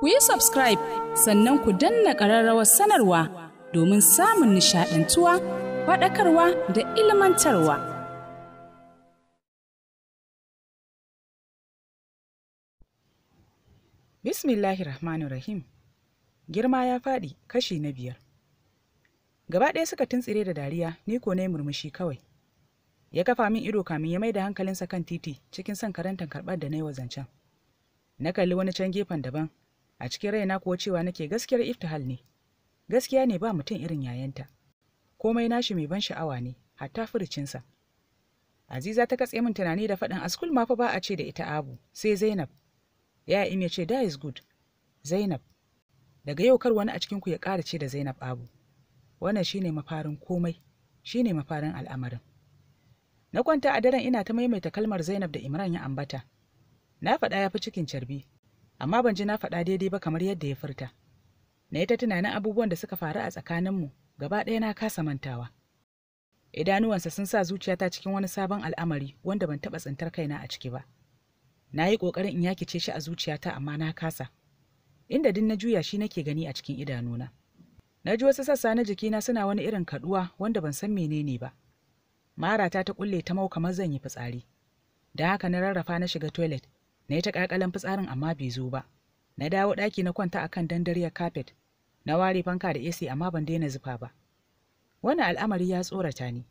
ku yi subscribe sannan ku danna ƙararrawar sanarwa domin samun nishaɗantuwa faɗakarwa da ilmantarwa. Bismillahir Rahmanir Rahim Girma ya faɗi kashi na biyar. Gaba ɗaya suka tuntsire da dariya ni ko na murmushi kawai. Ya kafa min ido kamin ya mai da hankalinsa kan titi cikin son karantar karɓar da na yi wa zancen. Na kalli wani can gefen daban a cikin raina kuwa cewa nake gaskiyar iftihal ne gaskiya ne ba mutum irin yayanta komai nashi mai ban sha'awa ne hatta furicinsa aziza ta katse min tunani da faɗin askul ma fa ba a ce da ita abu sai zainab ya yi ya ce that is good zainab daga yau kar wani a cikinku ya ƙara ce da zainab abu wannan shine mafarin komai shine mafarin al'amarin na kwanta a daren ina ta maimaita kalmar zainab da imran ya ambata na faɗa ya fi cikin carbi amma ban ji na faɗa daidai ba kamar yadda ya furta na yi ta tunanin abubuwan da suka faru a tsakaninmu gaba ɗaya na kasa mantawa idanuwansa sun sa zuciyata cikin wani sabon al'amari wanda ban taɓa tsintar kaina a ciki ba na yi ƙoƙarin in yakice shi a zuciyata amma na kasa inda din na juya shi nake gani a cikin idanuna na ji wasu sassa na jikina suna wani irin kaɗuwa wanda ban san menene ba marata ta ƙulle ta mau kamar zan yi fitsari da haka na rarrafa na shiga toilet na yi ta ƙaƙalin fitsarin amma bai zo ba na dawo ɗaki na kwanta akan dandariyar kafet na ware fanka da AC amma ban daina zufa ba wannan al'amari ya tsorata ni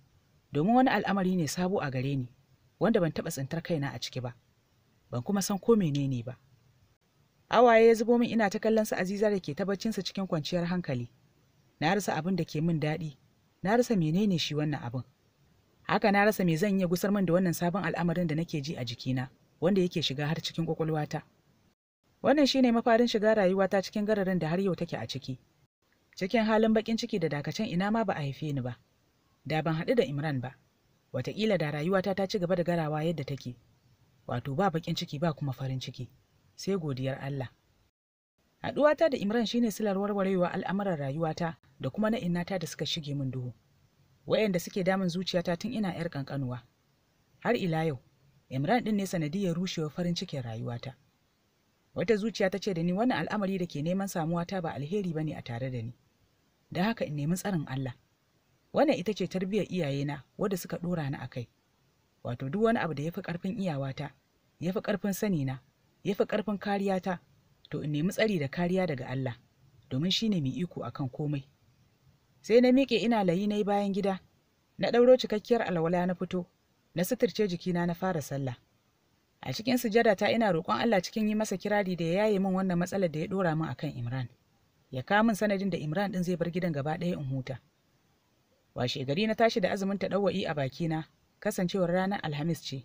domin wani al'amari ne sabo a gare ni wanda ban taɓa tsintar kaina a ciki ba ban kuma san ko menene ba awaye ya zubo min ina ta kallon su aziza da ke tabbacinsa cikin kwanciyar hankali na rasa abin da ke min daɗi na rasa menene shi wannan abin haka na rasa me zan iya gusar min da wannan sabon al'amarin da nake ji a jikina wanda yake shiga har cikin kwakwalwata wannan shine mafarin shiga rayuwata cikin gararin da har yau take a ciki cikin halin bakin ciki da dakacin ina ma ba a haife ni ba da ban haɗu da imran ba wataƙila da rayuwata ta ci gaba da garawa yadda take wato ba baƙin ciki ba kuma farin ciki sai godiyar allah haɗuwata da imran shine silar warwarewa al'amuran rayuwata da kuma na innata da suka shige min duhu wayanda suke damun zuciyata tun ina 'yar ƙanƙanuwa har ila yau imran ɗin ne sanadiyar rushewar farin cikin rayuwata wata zuciya ta ce da ni wannan al'amari da ke neman samuwata ba alheri ba ne a tare da ni da haka in nemi tsarin allah wannan ita ce tarbiyyar iyayena wadda suka ɗora ni a kai wato duk wani abu da ya fi ƙarfin iyawata ya fi ƙarfin sanina ya fi ƙarfin kariyata to in nemi tsari da kariya daga allah domin shi ne mai iko akan komai sai na miƙe ina layi na yi bayan gida na ɗauro cikakkiyar alwala na fito na suturce jikina na fara sallah a cikin sujada ta ina roƙon Allah cikin yi masa kirari da ya yaye min wannan matsalar da ya dora min akan Imran ya kawo min sanadin da Imran din zai bar gidan gaba ɗaya in huta washe gari na tashi da azumin ta ɗawa'i a bakina kasancewar ranar Alhamis ce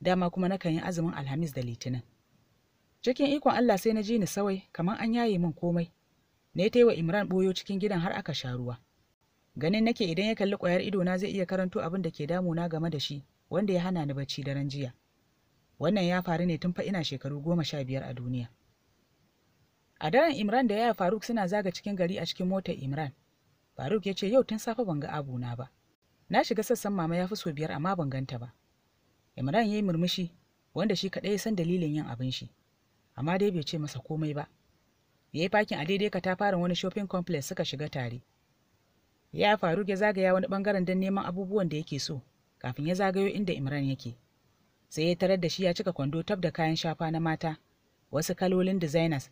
dama kuma nakan yi azumin Alhamis da Litinin cikin ikon Allah sai na ji ni sawai kamar an yaye min komai na yi wa Imran boyo cikin gidan har aka sha ruwa ganin nake idan ya kalli ƙwayar idona zai iya karanto abin da ke damuna game da shi wanda ya hana ni bacci daren jiya wannan ya faru ne tun fa ina shekaru goma sha biyar a duniya a daren imran da yaya faruk suna zaga cikin gari a cikin motar imran faruk ya ce yau tun safe ban ga abuna ba na shiga sassan mama ya fi so biyar amma ban ganta ba imran ya yi murmushi wanda shi kaɗai ya san dalilin yin abin shi amma dai bai ce masa komai ba ya yi fakin a daidai katafaren wani shopping complex suka shiga tare Yaya faruk ya zagaya wani bangaren don neman abubuwan da yake so kafin ya zagayo inda Imran yake. Sai ya tarar da shi ya cika kwando tab da kayan shafa na mata, wasu kalolin designers,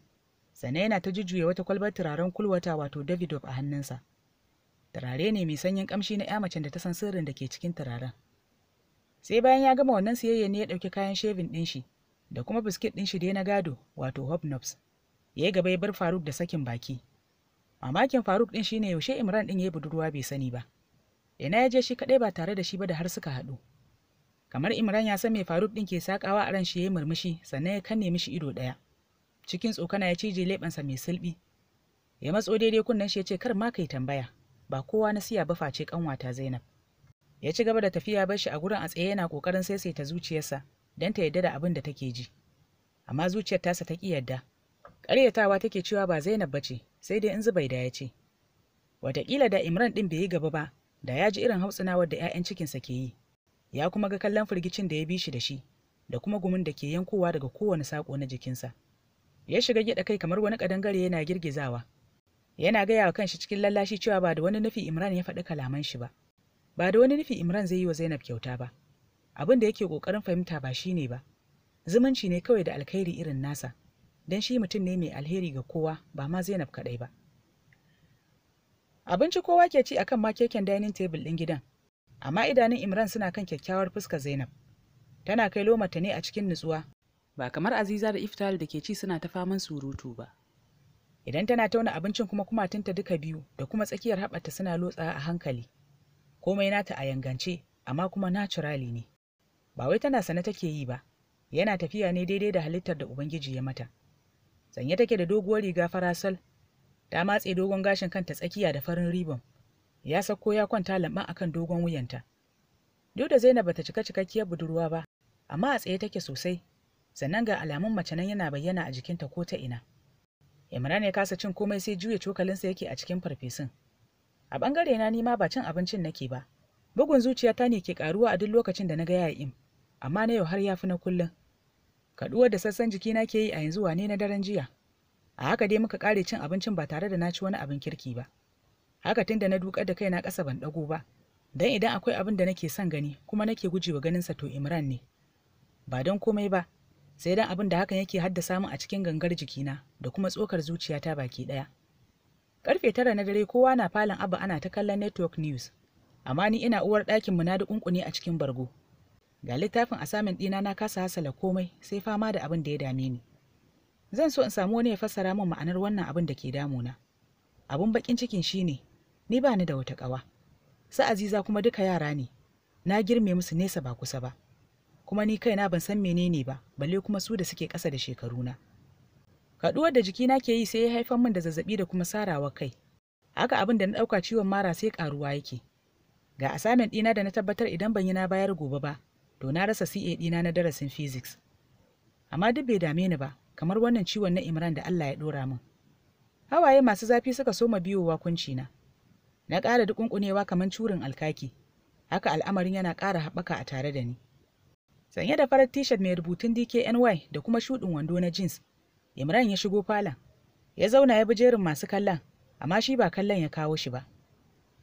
sannan yana ta jujjuya wata kwalbar turaren kulwata wato Davidoff a hannunsa. Turare ne mai sanyin kamshi na 'ya macen da ta san sirrin da ke cikin turaren. Sai bayan ya gama wannan siyayya ne ya ɗauki kayan shevin ɗin shi da kuma biskit ɗin shi dai na gado wato hobnobs. Ya yi gaba ya bar Faruk da sakin baki. Mamakin Faruk ɗin shine yaushe Imran ɗin ya budurwa bai sani ba. ina ya je shi kaɗai ba tare da shi ba da har suka haɗu kamar imran ya san mai faruk ɗin ke sakawa a ran shi ya yi murmushi sannan ya kanne mishi ido ɗaya cikin tsokana ya cije leɓensa mai sulɓi ya matso daidai kunnen shi ya ce kar ma kai tambaya ba kowa na siya ba face kanwata zainab ya ci gaba da tafiya bar shi a gurin a tsaye yana kokarin saisaita zuciyarsa don ta yarda da abin da take ji amma zuciyar tasa ta ki yarda ƙaryatawa take cewa ba zainab ba ce sai dai in zubaida ya ce wataƙila da imran ɗin bai yi gaba ba da ya ji irin hautsinawar da 'ya'yan cikinsa ke yi ya kuma ga kallon firgicin da ya bi shi da shi da kuma gumin da ke yankowa daga kowane sako na jikinsa ya shiga gida kai kamar wani ƙadangare yana girgizawa yana gaya wa kanshi cikin lallashi cewa ba da wani nufi imran ya faɗi kalaman shi ba ba da wani nufi imran zai yi wa zainab kyauta ba abin da yake ƙoƙarin fahimta ba shi ne ba zumunci ne kawai da alkhairi irin nasa don shi mutum ne mai alheri ga kowa ba ma zainab kaɗai ba abinci kowa ke ci akan ma keken dining table ɗin gidan amma idanun imran suna kan kyakkyawar fuskar zainab tana kai lomata ne a cikin nutsuwa ba kamar aziza da iftar da ke ci suna ta faman surutu ba idan tana tauna abincin kuma kumatunta duka biyu da kuma tsakiyar haɓata suna lotsa a hankali komai nata a yangance amma kuma naturally ne ba wai tana sane take yi ba yana tafiya ne daidai da halittar da ubangiji ya mata sanye take da doguwar riga farasal ta matse dogon gashin kanta tsakiya da farin ribon ya sako ya kwanta lamban akan dogon wuyanta duk da zainab bata cika cikakkiyar budurwa ba amma a tsaye take sosai sannan ga alamun mace nan yana bayyana a jikinta ko ta ina imran ya kasa cin komai sai juya cokalinsa yake a cikin farfesun a bangare na nima ba cin abincin nake ba bugun zuciyata ne ke karuwa a duk lokacin da na ga yayin amma na yau har yafi na kullun kaduwar da sassan jikina ke yi a yanzu wane na daren jiya a haka dai muka kare cin abincin ba tare da na ci wani abin kirki ba haka tun da na dukar da kaina kasa ban ɗago ba dan idan akwai abin da nake son gani kuma nake gujewa sa to imran ne ba don komai ba sai dan abin da hakan yake haddasa min a cikin gangar jikina da kuma tsokar zuciyata baki ɗaya karfe tara na dare kowa na falon abba ana ta kallon network news amma ni ina uwar ɗakin mu na da kunkuni a cikin bargo ga littafin assignment ɗina na kasa hasala komai sai fama da abin da ya dame ni zan so in samu wani ya fassara min ma'anar wannan abin da ke damuna abun bakin cikin shine ni ba ni da wata ƙawa Sa aziza kuma duka yara ne na girme musu nesa ba kusa ba kuma ni kai na ban san menene ba balle kuma su da suke ƙasa da shekaru na. Kaduwar da jikina ke yi sai ya haifar min da zazzabi da kuma sarawa kai haka abin da na ɗauka ciwon mara sai ƙaruwa yake ga assignment ɗina da na tabbatar idan ban yi na bayar gobe ba to na rasa CA ɗina na darasin physics amma duk bai dame ni ba kamar wannan ciwon na Imran da Allah ya ɗora min. Hawaye masu zafi suka soma biyowa kunci Na Na ƙara dukunkunewa kamar curin alkaki. Haka al'amarin yana ƙara haɓaka a tare da ni. Sanye da farar t-shirt mai rubutun DKNY da kuma shuɗin wando na jeans, Imran ya shigo falon. Ya zauna ya bi jerin masu kallon, amma shi ba kallon ya kawo shi ba.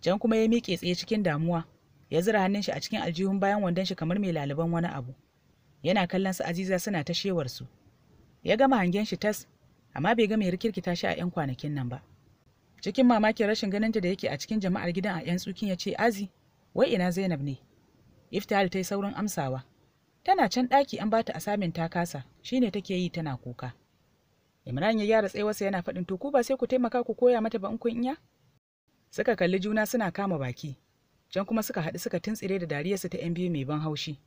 Jan kuma ya miƙe tsaye cikin damuwa, ya zura hannun shi a cikin aljihun bayan wandon shi kamar mai laliban wani abu. Yana kallon su Aziza suna ta shewar su. ya gama hangen shi tas amma bai gama ya rikirkita shi a 'yan kwanakin nan ba cikin mamakin rashin ganinta da yake a cikin jama'ar gidan a 'yan tsukin ya ce azi wai ina zainab ne iftihal ta yi saurin amsawa tana can ɗaki an bata asamin ta kasa shine take yi tana kuka imran ya gyara tsayuwarsa yana faɗin to ku ba sai ku taimaka ku koya mata ba in kun iya suka kalli juna suna kama baki can kuma suka haɗu suka tuntsire da dariyarsu ta yan biyu mai ban haushi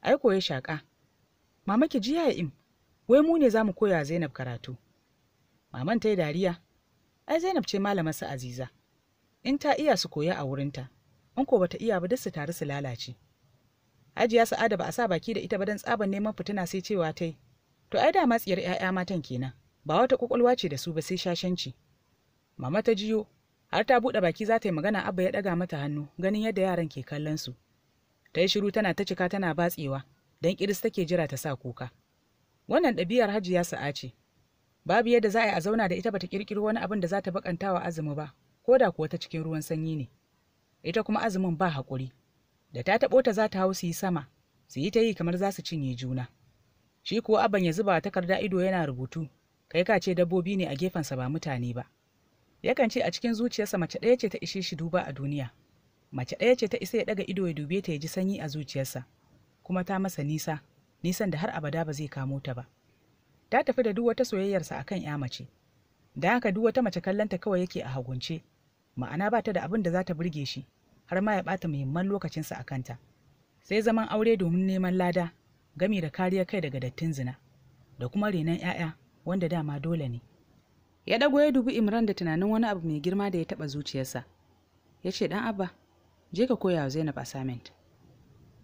ai koyi shaƙa mama ki jiya im wai mu ne za mu koya Zainab karatu. Maman ta yi dariya, ai Zainab ce malamar su Aziza. In ta iya su koya a wurinta, in ko bata iya ba duk su taru su lalace. Hajiya Sa'ada ba a sa baki da ita ba don tsaban neman fitina sai cewa ta yi. To ai da matsiyar 'ya'ya matan kenan, ba wata kwakwalwa ce da su ba sai shashanci. Mama ta jiyo, har ta buɗe baki za ta yi magana abba ya ɗaga mata hannu ganin yadda yaran ke kallon su. Ta yi shiru tana ta cika tana batsewa, don ƙiris take jira ta sa kuka. wannan ɗabi'ar hajiya sa'a ce babu yadda za a yi a zauna da ita bata kirkiro wani abin da za ta bakanta wa azumi ba ko da kuwa ta cikin ruwan sanyi ne ita kuma azumin ba haƙuri da ta taɓo ta za ta hau su yi sama su yi ta yi kamar za su cinye juna shi kuwa aban ya zuba takarda ido yana rubutu kai ka ce dabbobi ne a gefensa ba mutane ba yakan ce a cikin zuciyarsa mace ɗaya ce ta ishe shi duba a duniya mace ɗaya ce ta isa ya ɗaga ido ya dube ta ya ji sanyi a zuciyarsa kuma ta masa nisa nisan da har abada ba zai kamo ta ba ta tafi da duk wata soyayyarsa akan ya mace da haka duk wata mace kallanta kawai yake a hagunce ma'ana ba ta da abin da za ta burge shi har ma ya ɓata muhimman lokacinsa a kanta sai zaman aure domin neman lada gami da kariyar kai daga dattin zina da kuma renon 'ya'ya wanda dama dole ne ya dago ya dubi imran da tunanin wani abu mai girma da ya taɓa zuciyarsa ya ce dan abba je ka koya wa zainab assignment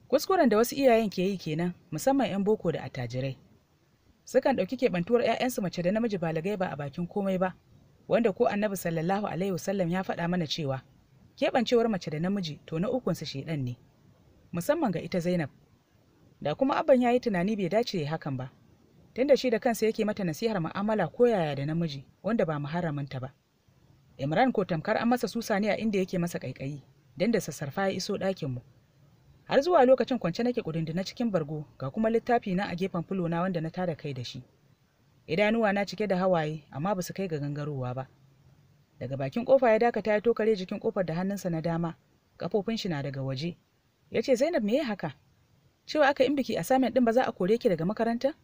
kuskuren da wasu iyayen ke yi kenan musamman 'yan boko da attajirai sukan ɗauki keɓantuwar 'ya'yansu mace da namiji balagai ba a bakin komai ba wanda ko annabi sallallahu alaihi wasallam ya faɗa mana cewa keɓancewar mace da namiji to na ukunsu shedan ne musamman ga ita zainab da kuma abban ya yi tunani bai dace ya hakan ba tunda shi da kansa yake mata nasihar mu'amala ko yaya da namiji wanda ba muharraminta ba imran ko tamkar an masa susa ne a inda yake masa ƙaiƙayi don da sassarfa ya iso ɗakinmu mu har zuwa lokacin kwance nake kudindina cikin bargo ga kuma littafi na a gefen fulo na wanda na tara kai da shi idanuwa na cike da hawaye amma ba su kai ga gangarowa ba daga bakin kofa ya dakata ya tokare jikin kofar da hannunsa na dama kafofin shi na daga waje ya ce zainab me ya haka cewa aka in biki assignment din ba za a kore ki daga makaranta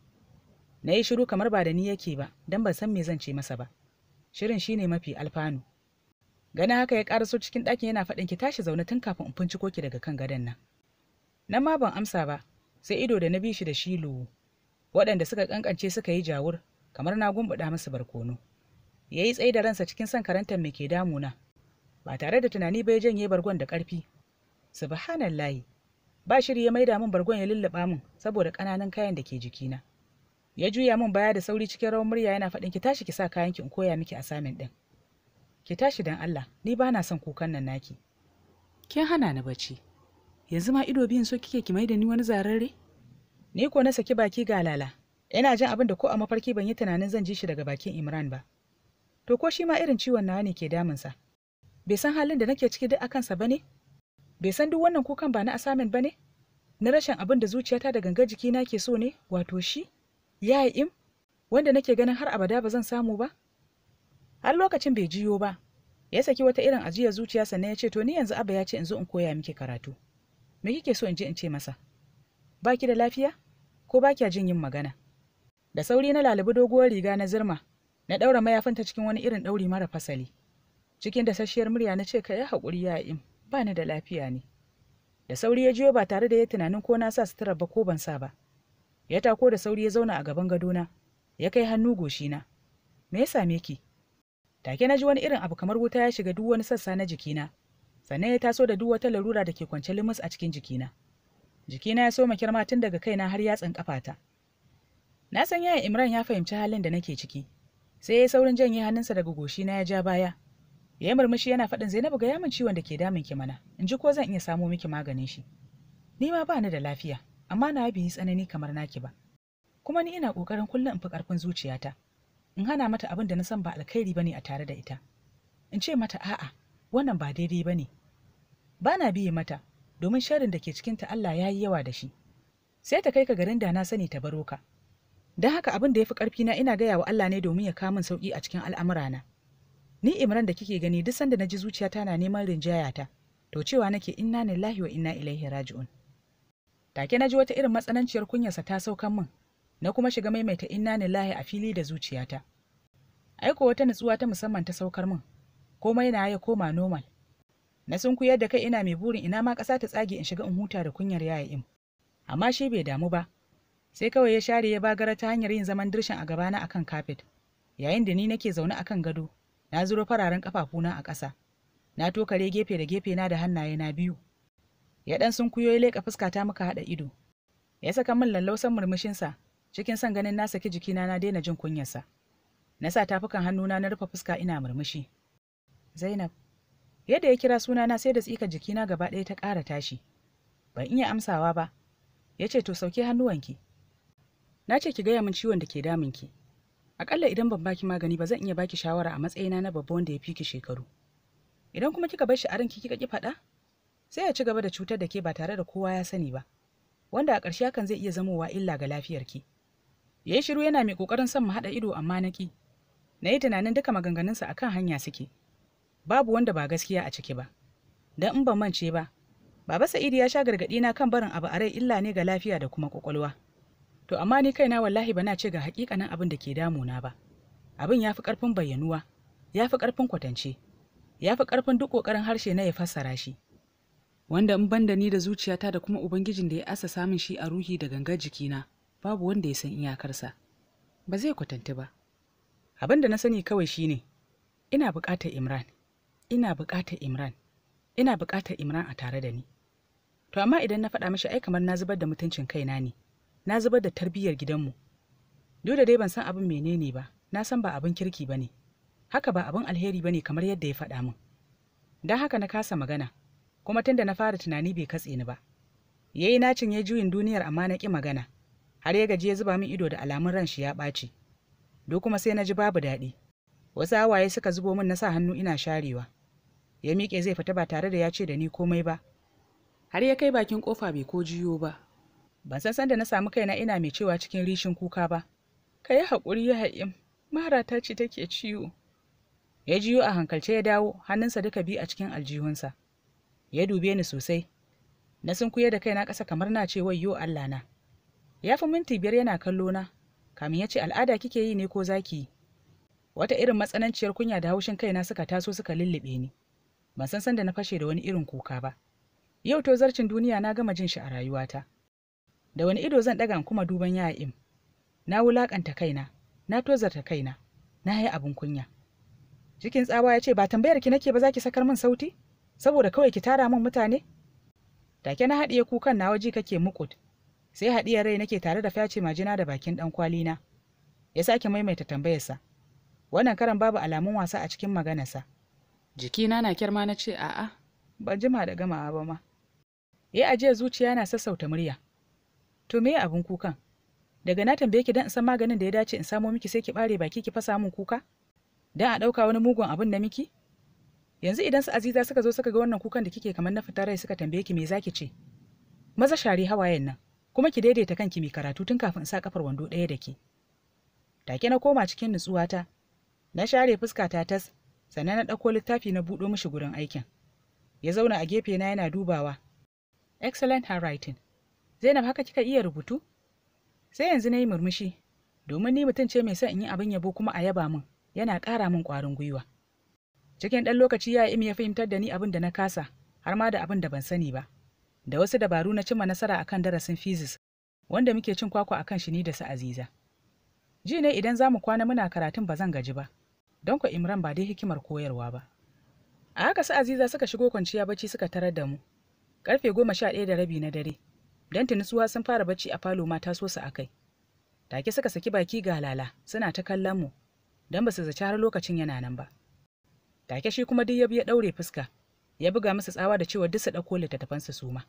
na yi shiru kamar ba da ni yake ba don ban san me zan ce masa ba shirin shine mafi alfanu ganin haka ya karaso cikin ɗakin yana faɗin ki tashi zaune tun kafin in ko ki daga kan gadon nan nan ma ban amsa ba sai ido da na bi shi da shi waɗanda suka kankance suka yi jawur kamar na gumbuɗa musu barkono ya yi tsaye da ransa cikin san karantar me ke damuna ba tare da tunani ba ya janye bargon da ƙarfi subhanallahi ba shiri ya maida min bargon ya lulluɓa min saboda ƙananan kayan da ke jikina ya juya min baya da sauri cikin rawar murya yana faɗin ki tashi ki sa kayan ki in koya miki a samin ɗin ki tashi dan Allah ni ba na son kukan nan naki kin hana ni bacci yanzu ma ido biyun so kike ki mai da ni wani zarare? ni ko na saki baki ga lala ina jin abin da ko a mafarki ban yi tunanin zan ji shi daga bakin imran ba to ko shi ma irin ciwon nawa ne ke damunsa bai san halin da nake ciki duk a kansa ba ne bai san duk wannan kukan ba na assignment ba ne na rashin abin da zuciyata da gangar na ke so ne wato shi ya im wanda nake ganin har abada ba zan samu ba har lokacin bai jiyo ba ya saki wata irin ajiyar zuciya sannan ya ce to ni yanzu abba ya ce in zo in koya miki karatu me kike so in je in ce masa baki da lafiya ko ba kya jin yin magana da sauri na lalibi doguwar riga na zirma na ɗaura mayafinta cikin wani irin ɗauri mara fasali cikin dasasshiyar murya na ce ka yi haƙuri ya im ba ni da lafiya ne da sauri ya jiyo ba tare da ya tunanin ko na sa sutura ba ko ban sa ba ya tako da sauri ya zauna a gaban gadona ya kai hannu goshi na. me ya same ki take na ji wani irin abu kamar wuta ya shiga duk wani sassa na jikina sannan ya taso da duk wata larura da ke kwance limus a cikin jikina jikina ya soma kirma tun daga kaina har yatsan kafata na san yaya imran ya fahimci halin da nake ciki sai ya saurin janye hannunsa daga goshina ya ja baya ya yi murmushi yana faɗin zainabu ga yamin ciwon da ke damun ki mana in ji ko zan iya samo miki maganin shi ni ma ba ni da lafiya amma na bi tsanani kamar naki ba kuma ni ina ƙoƙarin kullum in fi ƙarfin zuciyata in hana mata abin da na san ba alkhairi bane a tare da ita in ce mata a'a wannan ba daidai ba ne ba na biye mata domin sharin da ke cikinta Allah ya yi yawa da shi sai ta kai ka garin da na sani ta baro ka don haka abin da ya fi ƙarfi na ina gaya wa Allah ne domin ya kawo sauƙi a cikin al'amurana ni imran da kike gani duk sanda na ji zuciyata na neman rinjayata to cewa nake inna lillahi wa inna ilaihi raji'un take na ji wata irin matsananciyar kunyarsa ta saukan min na kuma shiga maimaita inna lillahi a fili da zuciyata aiko wata nutsuwa ta musamman ta saukar min komai na ya koma normal na sunkuyar da kai ina mai burin ina ma ƙasa ta tsage in shiga in huta da kunyar yaya im amma shi bai damu ba sai kawai ya share ya bagara ta hanyar yin zaman dirshin a gabana akan kafet yayin da ni nake zaune akan gado na zuro fararen kafafuna a ƙasa na tokare gefe da gefe na da hannaye na biyu ya dan sunkuyo ya leƙa ta muka haɗa ido ya saka min lallausan murmushinsa cikin son ganin na saki jikina na daina jin kunyarsa na sa tafukan hannuna na rufe fuska ina murmushi zainab yadda ya kira sunana sai da tsika jikina gaba ɗaya ta ƙara tashi ban iya amsawa ba ya ce to sauke hannuwanki na ce ki gaya min ciwon da ke ki. aƙalla idan ban baki magani ba zan iya baki shawara a matsayina na babba wanda ya fi ki shekaru idan kuma kika bar shi a ranki kika ki faɗa sai ya ci gaba da cutar da ke ba tare da kowa ya sani ba wanda a ƙarshe hakan zai iya zamowa illa ga lafiyar ki. yi shiru yana mai ƙoƙarin son mu haɗa ido amma na ƙi na yi tunanin duka maganganunsa akan hanya suke babu wanda ba gaskiya a ciki ba dan in ban mance ba baba sa'idu ya sha gargaɗi na kan barin abu a rai illa ne ga lafiya da kuma kwakwalwa to amma ni kaina wallahi bana ce ga hakikanin abin da ke na ba abin ya fi ƙarfin bayyanuwa ya fi ƙarfin kwatance ya fi ƙarfin duk ƙoƙarin harshe na ya fassara shi wanda in banda ni da zuciyata da kuma ubangijin da ya asa samun shi a ruhi da gangar jikina babu wanda ya san iyakarsa ba zai kwatanti ba abin da na sani kawai shine ina bukatar imran ina bukatar Imran ina bukatar Imran a tare da ni to amma idan na faɗa mishi ai kamar na zubar da mutuncin kaina ne na zubar da tarbiyyar gidanmu duk da dai ban san abin menene ba na san ba abin kirki ba ne haka ba abin alheri ba ne kamar yadda ya faɗa min don haka na kasa magana kuma tun da na fara tunani bai katse ni ba ya yi nacin ya juyin duniyar amma na ƙi magana har ya gaji ya zuba min ido da alamun ran shi ya ɓaci do kuma sai na ji babu daɗi wasu hawaye suka zubo min na sa hannu ina sharewa ya miƙe zai fita ba tare da ya ce da ni komai ba har ya kai bakin kofa bai ko jiyo ba ban san sanda na samu kaina ina mai cewa cikin rishin kuka ba ka yi haƙuri ya haƙim marata ce take ciwo ya jiyo a hankalce ya dawo hannunsa duka biyu a cikin aljihunsa ya dube ni sosai na sunkuye da kaina ƙasa kamar na ce wayyo Allah na ya fi minti biyar yana kallo na kamin ya ce al'ada kike yi ne ko zaki wata irin matsananciyar kunya da haushin kaina suka taso suka lullube ni ban san san da na fashe da wani irin kuka ba yau to zarcin duniya na gama jin shi a rayuwata da wani ido zan ɗaga kuma duban ya'im na wulakanta kaina na tozarta kaina na yi abin kunya cikin tsawa ya ce ba tambayar ki nake ba za ki sakar min sauti saboda kawai ki tara min mutane take na haɗiye kukan na waje kake mukut sai haɗiyar rai nake tare da face majina da bakin ɗan kwalina ya sake maimaita tambayarsa wannan karan babu alamun wasa a cikin maganarsa jikina na ma na ce a'a ban jima da gama ba ma ya ajiya zuciya na sassauta murya to me abin kukan daga na tambaye ki dan in san maganin da ya dace in samo miki sai ki bare baki ki fasa min kuka dan a dauka wani mugun abin na miki yanzu idan su aziza suka zo suka ga wannan kukan da kike kamar na fitar rai suka tambaye ki me zaki ce maza share hawayen nan kuma ki daidaita kanki mai karatu tun kafin in sa kafar wando ɗaya da ke take na koma cikin nutsuwata na share fuska ta tas sannan na ɗauko littafi na buɗo mishi gurin aikin ya zauna a gefe na yana dubawa excellent handwriting zainab haka kika iya rubutu sai yanzu na yi murmushi domin ni mutum ce mai son in yi abin yabo kuma a yaba min yana ƙara min ƙwarin gwiwa cikin ɗan lokaci ya imi ya fahimtar da ni abin da na kasa har ma da abin da ban sani ba da wasu dabaru na cimma nasara akan darasin physics wanda muke cin kwakwa akan shi ni da su aziza ji ne idan za mu kwana muna karatun ba zan gaji ba don ku imran ba dai hikimar koyarwa ba a haka su aziza suka shigo kwanciya bacci suka tarar da mu karfe goma sha ɗaya da rabi na dare don tunisuwa sun fara bacci a falo mata so su akai take suka saki baki ga halala suna ta kallon mu don ba su zaci har lokacin yana nan ba take shi kuma duk ya bi ya ɗaure fuska ya buga musu tsawa da cewa duk su ɗauko littattafansu su ma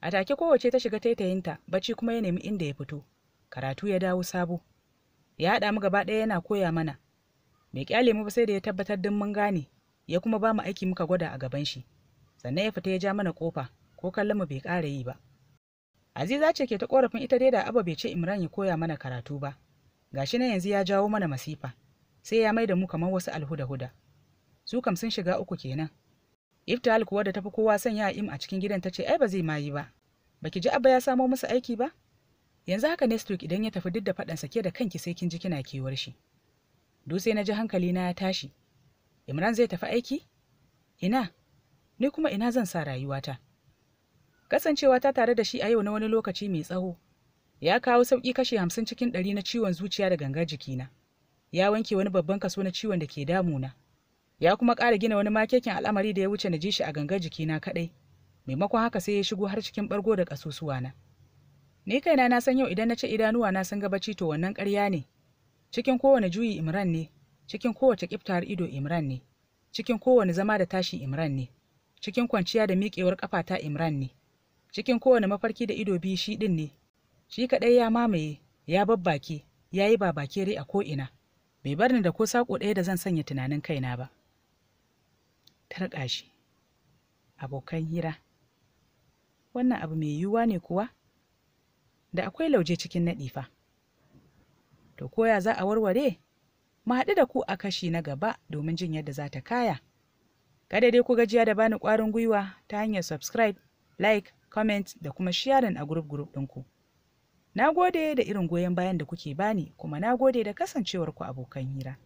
a take kowace ta shiga taitayinta bacci kuma ya nemi inda ya fito karatu ya dawo sabo ya haɗa mu gaba ɗaya yana koya mana mai kyale mu ba sai da ya tabbatar din mun gane ya kuma ba mu aiki muka gwada a gaban shi sannan ya fita ya ja mana kofa ko kallon mu bai ƙara yi ba aziza ce ke ta korafin ita dai da aba bai ce imran ya koya mana karatu ba gashi na yanzu ya jawo mana masifa sai ya mai da mu kamar wasu alhuda-huda su kam sun shiga uku kenan iftal kuwa da tafi kowa sanya im a cikin gidan tace ce ai ba zai ma ba baki ji abba ya samo musu aiki ba yanzu haka next week idan ya tafi duk da faɗan ke da kanki sai kin ji kina kewar shi do sai na ji hankali na ya tashi imran zai tafi aiki ina ni kuma ina zan sa rayuwata kasancewa ta tare da shi a yau na wani lokaci mai tsawo ya kawo sauƙi kashe hamsin cikin ɗari na ciwon zuciya da gangar jikina ya wanke wani babban kaso na ciwon da ke damuna ya kuma ƙara gina wani makekin al'amari da ya wuce na ji shi a gangar jikina kaɗai maimakon haka sai ya shigo har cikin ɓargo da ƙasusuwana ni kaina na san yau idan na ce idanuwa na san gabaci to wannan ƙarya ne cikin kowane juyi imran ne cikin kowace ƙiftawar ido imran ne cikin kowane zama da tashi imran ne cikin kwanciya da miƙewar ta imran ne cikin kowane mafarki da ido biyu shi ɗin ne shi kaɗai ya mamaye ya babbake ya yi babakere a ko'ina bai bar ni da ko saƙo ɗaya da zan sanya tunanin kaina ba tarƙa shi abokan hira wannan abu mai yiwuwa ne kuwa da akwai lauje cikin naɗi fa to koya za a warware mu haɗu da ku a kashi na gaba domin jin yadda za ta kaya kada dai ku gajiya da bani ƙwarin gwiwa ta hanyar subscribe like comment da kuma sharing a group group ɗinku na gode da irin goyon bayan da kuke bani kuma na gode da kasancewarku abokan hira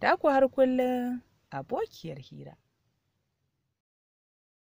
ta ku har kullum abokiyar hira